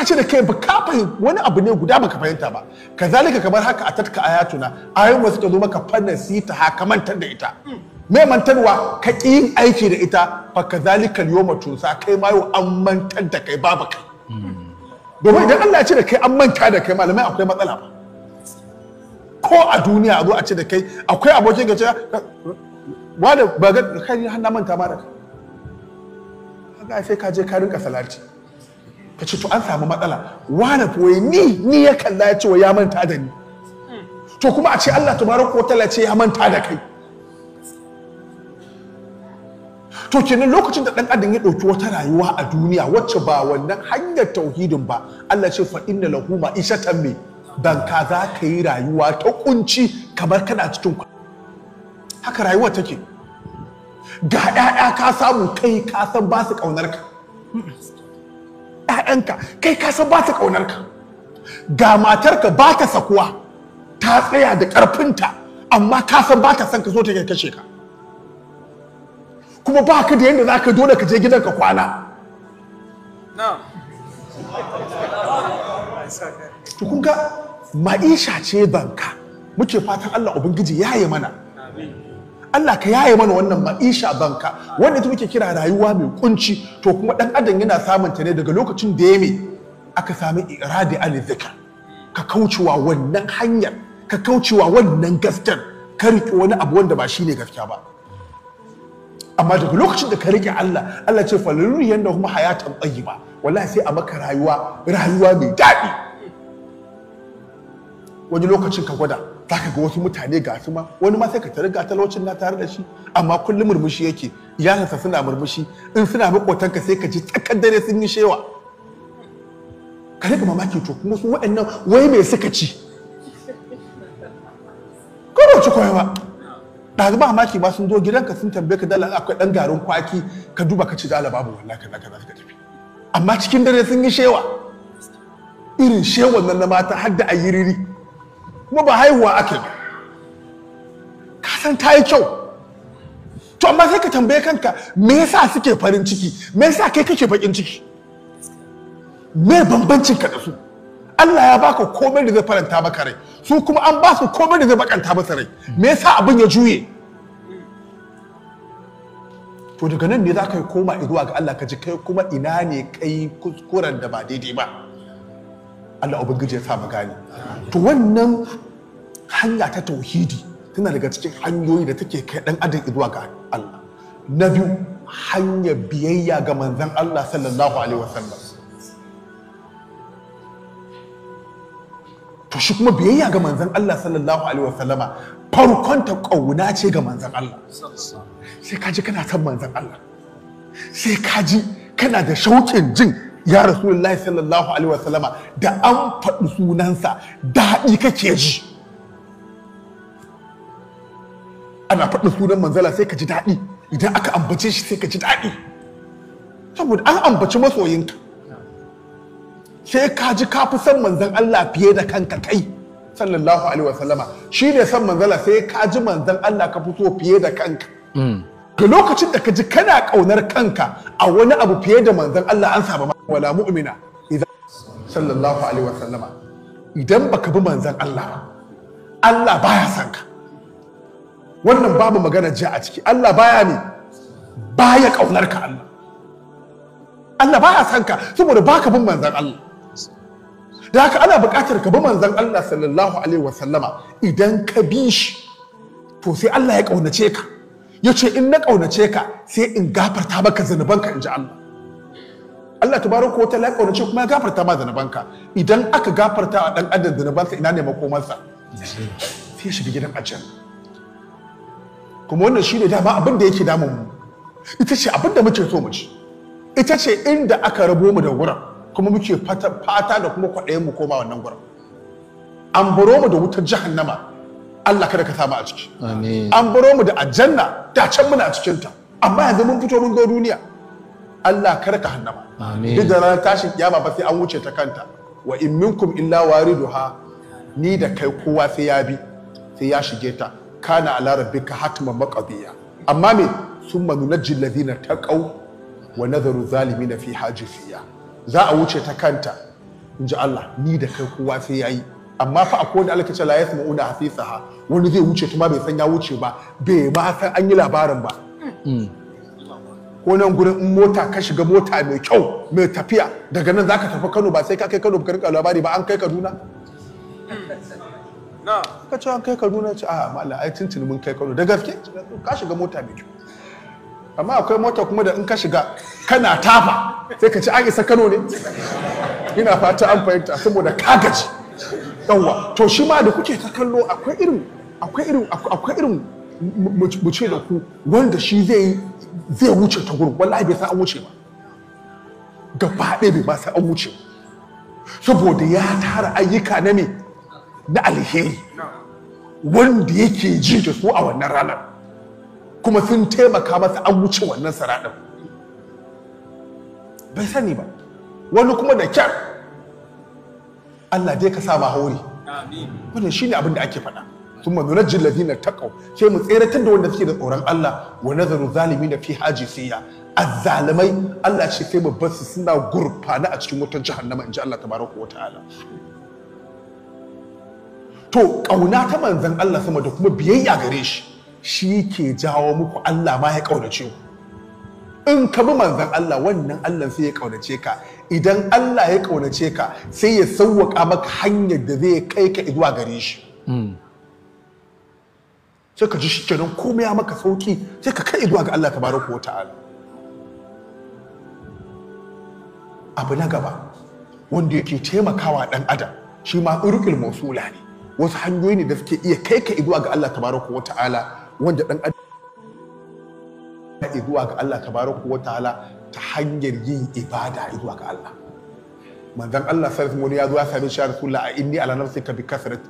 a ce da kai ba ka fahimta wani abu ne guda baka fahimta ba kazalika kamar haka a tatka ayatuna ayoyin wasu ta zo maka fannin si ta haka mantar da ita mai mantarwa ka ƙi yin aiki da ita fa kazalika yawma sa kai ma yau an mantar da kai ba kai domin idan Allah ya ce da kai an manta da kai malamai akwai matsala ba ko a duniya a zo a ce da kai akwai abokin ka ce wani ba ga kai har na manta ma da kai sai ka je ka rinka salati ka ce to an samu matsala wane kuwa ni ni ya kalla ya ce wa ya manta da ni to kuma a ce Allah tabaraka wa ta'ala ce ya manta da kai to kenan lokacin da dan adam ya ɗauki wata rayuwa a duniya wacce ba wannan hanyar tauhidin ba Allah ce fa inna lahu ma'ishatan me dan ka za ka yi rayuwa ta kunci kamar kana cikin haka rayuwa take ga 'ya'ya ka samu kai ka san ba su kaunar ka 'ya'yanka kai ka san ba ta ƙaunarka ga matarka ba ta sakuwa ta tsaya da ƙarfinta amma ka san ba ta son ka zo ta kashe ka kuma ba ka da yadda za ka dole ka je gidan ka kwana kun ga ma'isha ce banka muke fatan Allah Ubangiji ya yi mana Allah ka yaye mana wannan ma'isha banka wanda ita muke kira rayuwa mai kunci to kuma dan adam yana samun ta ne daga lokacin da ya mai aka sami iradi an zikr ka kaucewa wannan hanyar ka kaucewa wannan gaskiyar ka riƙe wani abu wanda ba shine gaskiya ba amma daga lokacin da ka riƙe Allah Allah ce faliluri yanda kuma hayatan ba. wallahi sai a maka rayuwa rayuwa mai daɗi wani lokacin ka gwada za ka ga wasu mutane ga su ma wani ma sai ka tare ga talaucin na tare da shi amma kullum murmushi yake iyalinsa suna murmushi in suna maƙotanka sai ka ji tsakar dare sun yi shewa ka rika mamaki to kuma su waɗannan wai me suka ci ko ci koyo ba ɗaliba mamaki ba sun zo gidanka sun tambaye ka dala akwai ɗan garin kwaki ka duba ka ci dala babu wallahi ka za ka tafi amma cikin dare sun yi shewa irin shewan nan na mata har da riri. kuma ba haihuwa ake ba ka san ta yi kyau to amma sai ka tambaye kanka me yasa suke farin ciki me yasa kai kake bakin ciki me bambancin ka da su Allah ya baka komai da zai faranta maka rai su kuma an ba su komai da zai bakanta masa rai me yasa abin ya juye to daga nan ne za ka koma zuwa ga Allah ka ji kai kuma ina ne kai kuskuren da ba daidai ba Allah ubangiji ya sa mu gane to wannan hanya ta tauhidi tana daga cikin hanyoyi da take kai dan adam zuwa ga Allah na biyu hanya biyayya ga manzon Allah sallallahu alaihi wasallam to shi kuma biyayya ga manzon Allah sallallahu alaihi wasallama farkon ta kauna ce ga manzon Allah sai kaji kana son manzon Allah sai kaji kana da shauƙin jin ya rasulullahi sallallahu alaihi wasallama da an faɗi sunansa daɗi kake ji ana faɗin sunan manzala sai ka ji daɗi idan aka ambace shi sai ka ji daɗi saboda an ambaci masoyinka sai ka ji ka fi son manzan Allah fiye da kanka kai sallallahu alaihi wasallama shi ne son manzala sai ka ji manzan Allah ka fi so fiye da kanka ga mm. lokacin da ka ji kana ƙaunar kanka a wani abu fiye da manzan Allah an saba wala mu'mina idan sallallahu alaihi wa sallama idan baka bi manzan Allah ba Allah baya son ka wannan babu magana ji a ciki Allah baya ne baya kaunar ka Allah Allah baya son ka saboda baka bin manzan Allah da haka ana buƙatar ka bi manzan Allah sallallahu alaihi wa sallama idan ka bi shi to sai Allah ya kaunace ka ya ce in na kaunace ka sai in gafarta maka zanubanka in ji Allah Allah ta tabaraka wata ya ce kuma ya gafarta ma zanabanka idan aka gafarta a dan adam zanabansa ina ne makomansa sai shi gidan ajiyar kuma wannan shi ne dama abin da yake damun mu ita ce abin muke so mu ci ita ce inda aka rabo mu da wurin kuma muke fata da kuma kwaɗayin mu koma wannan wurin an baro mu da wutar jahannama Allah kada ka samu a ciki an baro mu da aljanna da can muna a cikinta amma yanzu mun fito mun zo duniya Allah karka hannama duk da ranar tashin kiyama ba sai an wuce ta kanta wa in minkum illa wariduha ni da kai kowa sai ya bi sai ya shige ta kana ala rabbika hatman maqdiya amma me summa nunajji alladhina taqaw wa nadharu zalimina fi hajifiya. za a wuce ta kanta in ji Allah ni da kai kowa sai ya yi amma fa akwai wanda Allah ce la yasma'una hafisaha wani zai wuce tuma bai san ya wuce ba bai ma san an yi labarin ba hmm. Wannan gurin in mota ka shiga mota mai kyau mai tafiya daga nan zaka tafi Kano ba sai ka kai Kano ka rika labari ba an kai Kaduna ka ce an kai Kaduna ce a mala ai tuntuni mun kai Kano da gaske ka shiga mota mai kyau amma akwai mota kuma da in ka shiga kana tafa sai ka ci an isa Kano ne ina fata an fahimta saboda ka gaji yawa to shi ma da kuke ta kallo akwai irin akwai irin akwai irin mu ce da ku wanda shi zai yi zai wuce ta gurin wallahi bai san an wuce ba gaba ɗaya bai ba san an wuce ba saboda ya tara ayyuka na me na alheri wanda yake ji da su a wannan ranar kuma sun taimaka masa an wuce wannan saraɗin bai sani ba wani kuma da kyar Allah dai ka sa ma hauri wannan shine abin da ake faɗa thumma nunajji alladhina taqaw sai mu tseratar da wanda suke da tsoron Allah wa nazaru zalimin fi sai hajisiya azzalimai Allah ce sai mu bar su suna gurfana a cikin wutar nama, inji Allah tabaraka wa ta'ala to kauna ta manzon Allah sama da kuma biyayya gare shi shi ke jawo muku Allah ma ya kaunace ku in ka bi manzan Allah wannan Allah sai ya kaunace ka idan Allah ya ƙaunace ka sai ya sauwaka maka hanyar da zai kai ka zuwa gare shi sai ka ji shi kenan komai ya maka sauki sai ka kai zuwa ga Allah baraka wa ta'ala abu na gaba wanda yake taimakawa dan adam shi ma urqil mawsula ne wasu hanyoyi ne da suke iya kai ka zuwa ga Allah baraka wa ta'ala wanda dan adam zuwa ga Allah baraka wa ta'ala ta hanyar yin ibada zuwa ga Allah manzon Allah sallallahu alaihi ya zo ya same kula a inni ala ka bi kasrat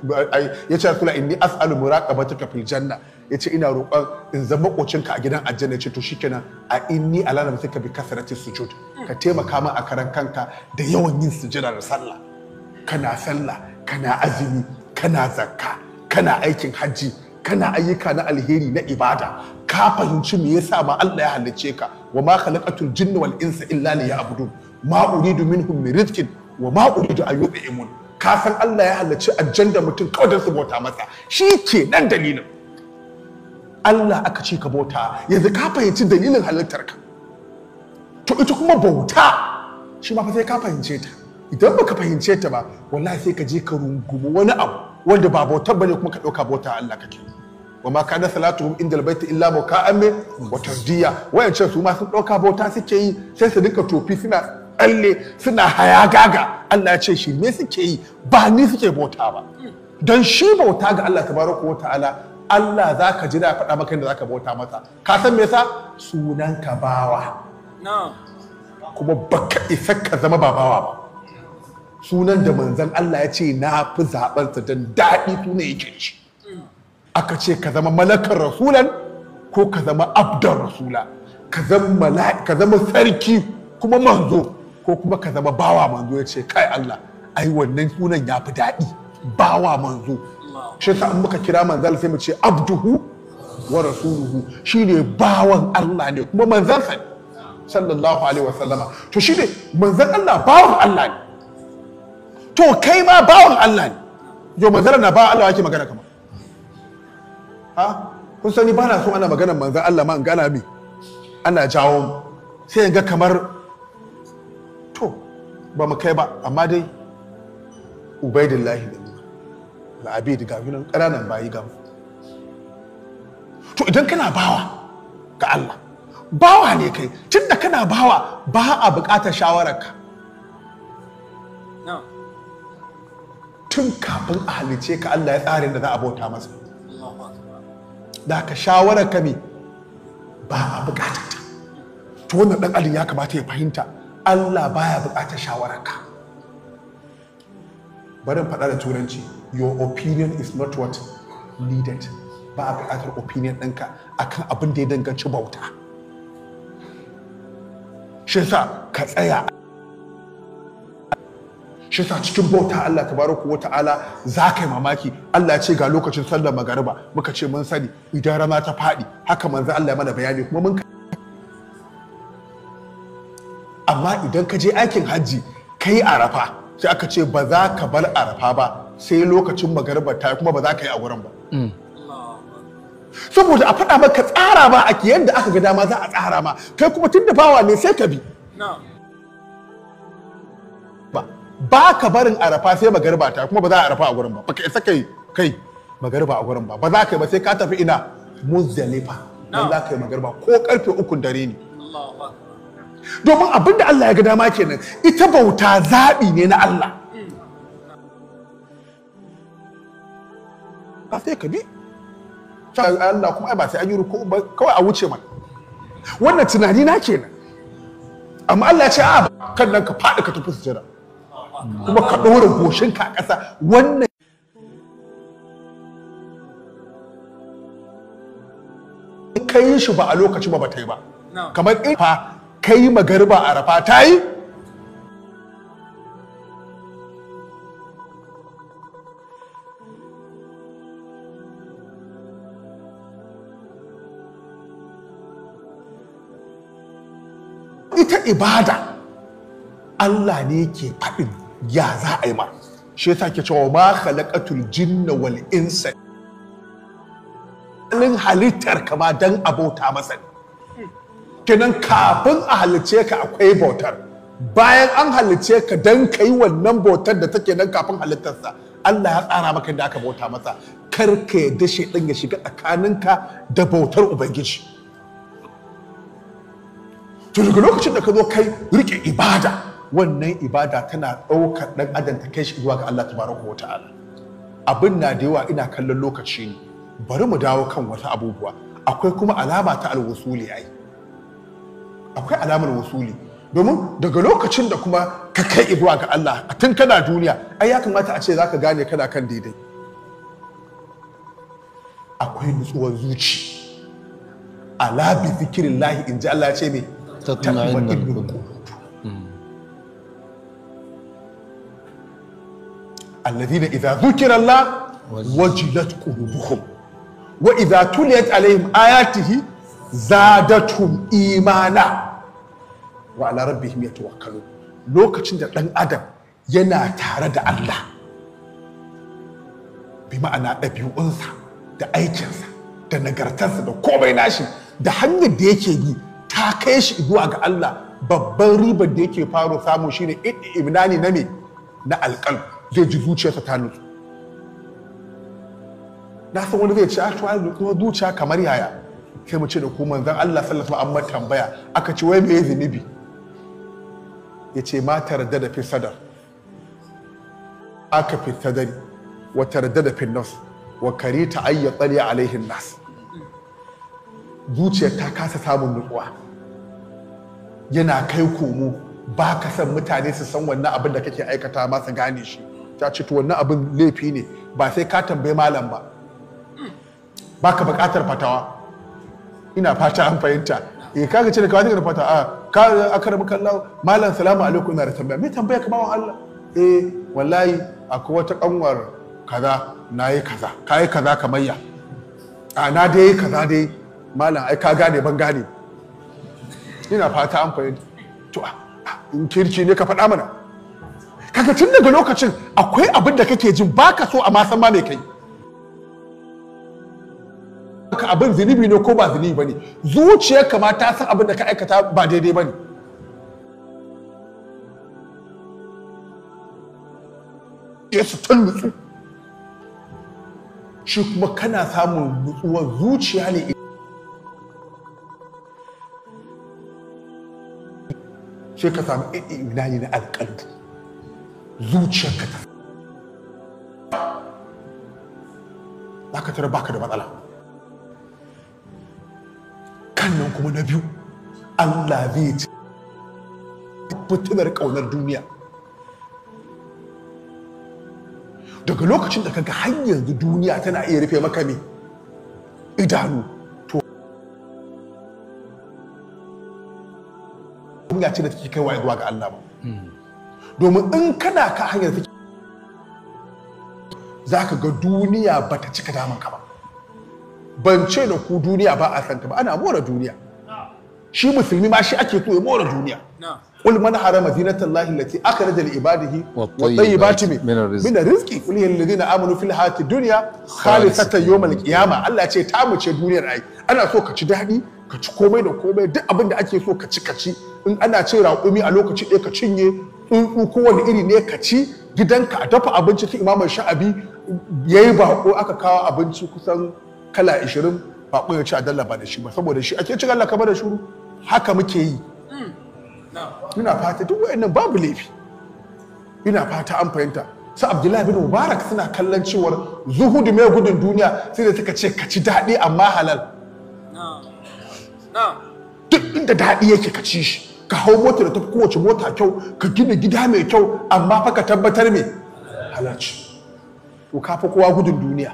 ya ce kula inni as'alu muraqabataka fil janna yace ina roƙon in zama kocinka a gidan aljanna yace to shikenan a inni ala ka bi kasrati sujud ka taimaka min a karan kanka da yawan yin sujada da sallah kana sallah kana azumi kana zakka kana aikin hajji kana ayyuka na alheri na ibada ka fahimci me yasa ma Allah ya halicce ka wa ma khalaqatul jinna wal insa illa liya'budun Ma'uri uridu minhum min rizqin wa ma da an yut'imun ka san Allah ya halarci ajanda mutum kawai don su bauta masa shi ke nan dalilin Allah aka ce ka bauta yanzu ka fahimci dalilin halittar ka to ita kuma bauta shi ma fa sai ka fahimce ta idan baka fahimce ta ba wallahi sai ka je ka rungumi wani abu wanda ba bautar bane kuma ka dauka bauta Allah kake wa ma kana salatuhum inda albayti illa muka'amin wa wayan ce su ma sun dauka bauta suke yi sai su dinka tofi suna tsalle suna hayagaga Allah ya ce shi me suke yi ba ni suke bauta ba don shi bauta ga Allah tabaraka wa ta'ala Allah za ka ji da faɗa maka yadda za ka bauta masa ka san me yasa sunan ka bawa kuma baka isa ka zama ba bawa ba sunan da manzon Allah ya ce na fi sa don daɗi sunan yake shi aka ce ka zama malakar rasulan ko ka zama abdar rasula ka zama sarki kuma manzo ko kuma ka zama bawa manzo ya ce kai Allah ai wannan sunan ya fi daɗi bawa manzo shi sa muka kira manzal sai mu ce abduhu wa rasuluhu shine bawan Allah ne kuma manzansa ne sallallahu alaihi wa sallama to shine manzan Allah bawan Allah ne to kai ma bawan Allah ne yo manzan na ba Allah yake magana kama ha kun sani ba na so ana magana manzan Allah ma an gana mi ana jawo sai ga kamar ba mu kai ba amma dai ubaidillahi ne la'abidi ga nan ƙananan bayi ga to idan kana bawa ga Allah bawa ne kai tunda kana bawa ba a buƙatar shawararka tun kafin a halice ka Allah ya tsarin da za a bauta masa da ka shawararka me ba a buƙatar ta to wannan ɗan alin ya kamata ya fahimta Allah baya buƙatar shawararka barin faɗa da turanci your opinion is not what needed ba a buƙatar opinion ɗinka akan abin da ya danganci bauta shi sa ka tsaya shi sa cikin bauta Allah baro wa ta'ala za ka yi mamaki Allah ce ga lokacin sallar magariba muka ce mun sani idan rana ta faɗi haka manzo Allah ya mana bayani kuma mun amma idan ka je aikin hajji ka yi arafa sai aka ce ba za ka bar arafa ba sai lokacin magarba ta kuma ba za ka yi a wurin ba mm. saboda a faɗa maka tsara ba a yadda aka ga dama za a tsara ma kai kuma tun da bawa ne sai ka bi ba ka barin arafa sai magarba ta kuma ba za a arafa a wurin ba ba ka isa kai kai magarba a wurin ba ba za ka yi ba sai ka tafi ina muzdalifa ba za ka yi magarba ko karfe ukun dare ne domin abin da Allah ya ga dama kenan ita bauta zaɓi ne na Allah ba sai ka bi Allah kuma ba sai an yi ruku ba kawai a wuce mana wannan tunani na kenan amma Allah ya ce a kan nan ka faɗi ka tafi sujada kuma ka ɗora goshin a ƙasa wannan kai shi ba a lokaci ba ba ta yi ba kamar in fa kai Garba arafa ta yi ita ibada Allah ne ke faɗin ya za a yi ma shi ta ke cewa ma halakatul jinna wal insa halittar kama dan abota masa kenan kafin a halice ka akwai bautar bayan an halice ka dan ka yi wannan bautar da take nan kafin halittarsa Allah ya tsara maka da aka bauta masa kar ka yadda shaidan ya shiga tsakaninka da bautar ubangiji to daga lokacin da ka zo kai rike ibada wannan ibada tana ɗaukar ɗan adam ta kai shi zuwa ga Allah tabaraka wa ta'ala abin na da yawa ina kallon lokaci ne bari mu dawo kan wasu abubuwa akwai kuma alama ta alwusuli ai akwai alamar wasuli domin daga lokacin da kuma ka kai zuwa ga Allah a tun kana duniya ai ya kamata a ce zaka gane kana kan daidai akwai nutsuwar zuci ala bi fikirin lahi in ji Allah ce me الذين إذا ذكر الله وجلت قلوبهم وإذا تليت عليهم آياته زادتهم إيمانا wa ala rabbihim yatawakkalun lokacin da dan adam yana tare da Allah bi ma'ana ɗabi'unsa da aikinsa da nagartarsa da komai nashi da hanyar da yake yi ta kai shi zuwa ga Allah babban ribar da yake faro samu shine ibnani na me na alƙal zai ji zuciyarsa ta nutsu na san wani zai ci a tuwa zuciya kamar yaya sai mu ce da ku zan Allah sallallahu alaihi wasallam amma tambaya aka ce wai me zunubi ya ce ma da fi sadar aka fi sadari wa da fi nas wa kari ta ayya a alaihin nas zuciyar ta kasa samun nutsuwa yana kai komo ba ka san mutane su san wannan abin da kake aikata ma gane shi ta ce to wannan abin laifi ne ba sai ka tambayi malam ba ba ka bukatar fatawa ina fata an fahimta E kaga ce kawai da fata a ah, ka akramaka Allah malam salamu alaikum na da tambaya me tambaya kamar Allah eh wallahi akwai wata kanwar kaza nayi kaza kai kaza kamayya a ah, na dai kaza dai malam ai ka gane ban gane ina fata an fahimta to ah, in kirki ne ka faɗa mana kaga tun daga lokacin akwai abin da kake jin baka so a ma san ma me kai maka abin zunubi ne ko ba zunubi ba ne ka ma ta san abin da ka aikata ba daidai ba ne yesu tun nutsu shi kuma kana samun nutsuwar zuciya ne shi ka samu ilani na alƙalbi ka ta za ka tara baka da matsala kuma na biyu allah zai ci fitinar ƙaunar duniya daga lokacin da kaga hanyar yanzu duniya tana iya rufe maka me idanu to ce da take kaiwa zuwa ga Allah ba domin in kana ka hanyar take ka ga duniya ba ta cika damanka ba ban ce da ku duniya ba a santa ba ana more duniya shi musulmi ma shi ake so ya more duniya قل من حرم زينة الله ibadihi. أخرج لعباده والطيبات rizqi الرزق قل هي amanu fil hayati dunya khalisatan yawm al qiyama Allah ce ta mu ce duniyar ai ana so ka ci daɗi ka ci komai da komai duk abin da ake so ka ci ka ci in ana ce raƙumi a lokaci ɗaya ka cinye tsuntsu kowane iri ne ka ci gidanka a dafa abinci ta imamu sha'abi yayi ko aka kawo abinci kusan kala 20 bako ya ci a dalla ba da shi ba saboda shi ake cin Allah ka da shuru haka muke yi ina fata duk wa'annan babu laifi ina fata an fahimta su abdullahi bin mubarak suna kallon cewar zuhudu mai gudun duniya sai da suka ce ka ci daɗi amma halal duk inda daɗi yake ka ci shi ka hau mota da ta kowace mota kyau ka gina gida mai kyau amma fa ka tabbatar me halarci to ka fi kowa gudun duniya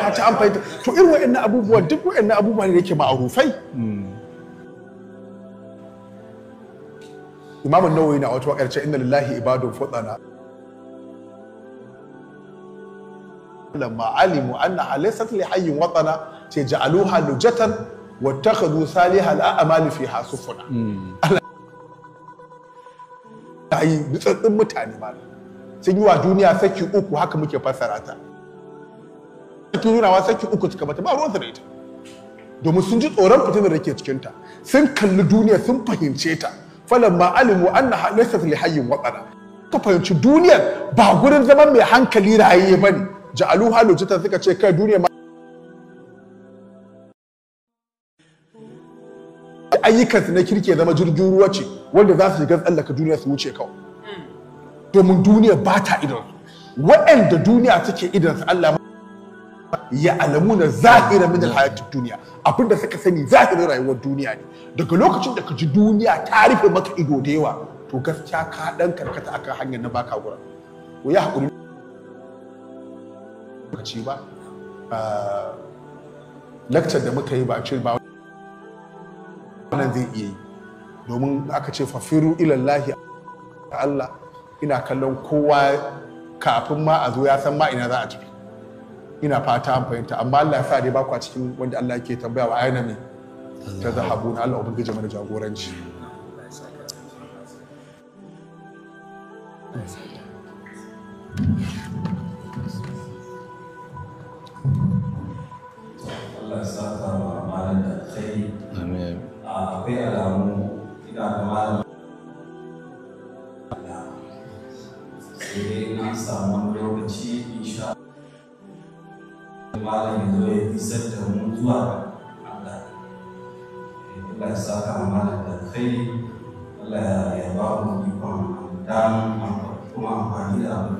ka ci an fahimta to irin wa'annan abubuwan duk wa'annan abubuwa ne da yake ma'arufai imamun nawawi na wata wakar ce inna lillahi ibadun fudana lamma alimu anna alaysat li hayyin watana ce ja'aluha lujatan wattakhadhu salihal a'mali fiha sufuna hmm. Allah yi nutsatsin mutane malam sun yi wa duniya saki uku haka muke fassara ta wa saki uku suka mata ba ruwan da ita domin sun ji tsoron fitinar da ke cikinta sun kalli duniya sun fahimce ta falan ma alimu anna halaysat li hayyin watsana ka fahimci duniyar ba gurin zaman mai hankali rayayye bane ja'alu halujata suka ce kai duniya ma ayyukansu na kirke zama jirgin ruwa ce wanda za su shiga tsallaka duniya su wuce kawai domin duniya ba ta idan waɗanda duniya suke idan su Allah ya na zahira min alhayatin duniya abinda suka sani zahirin rayuwar duniya ne daga lokacin da ka ji duniya ta rufe maka ido da yawa to gaskiya ka dan karkata akan hanyar na baka gura ko ya hakuri ce ba lakcar ah, da muka yi ba ce ba wannan zai iya yi domin aka ce fafiru ilallahi Allah ina kallon kowa kafin ma a zo ya san ma ina za a tafi ina fata an fahimta amma Allah ya sa dai bakwa cikin wanda Allah yake tambaya wa aina ne ta zahabu na Allah ubangiji mana jagoranci Allah ya malam da akwai alamu sai eh, an samu wani lokaci insha Allah da mu zuwa Allah eh, da kai Allah ya ba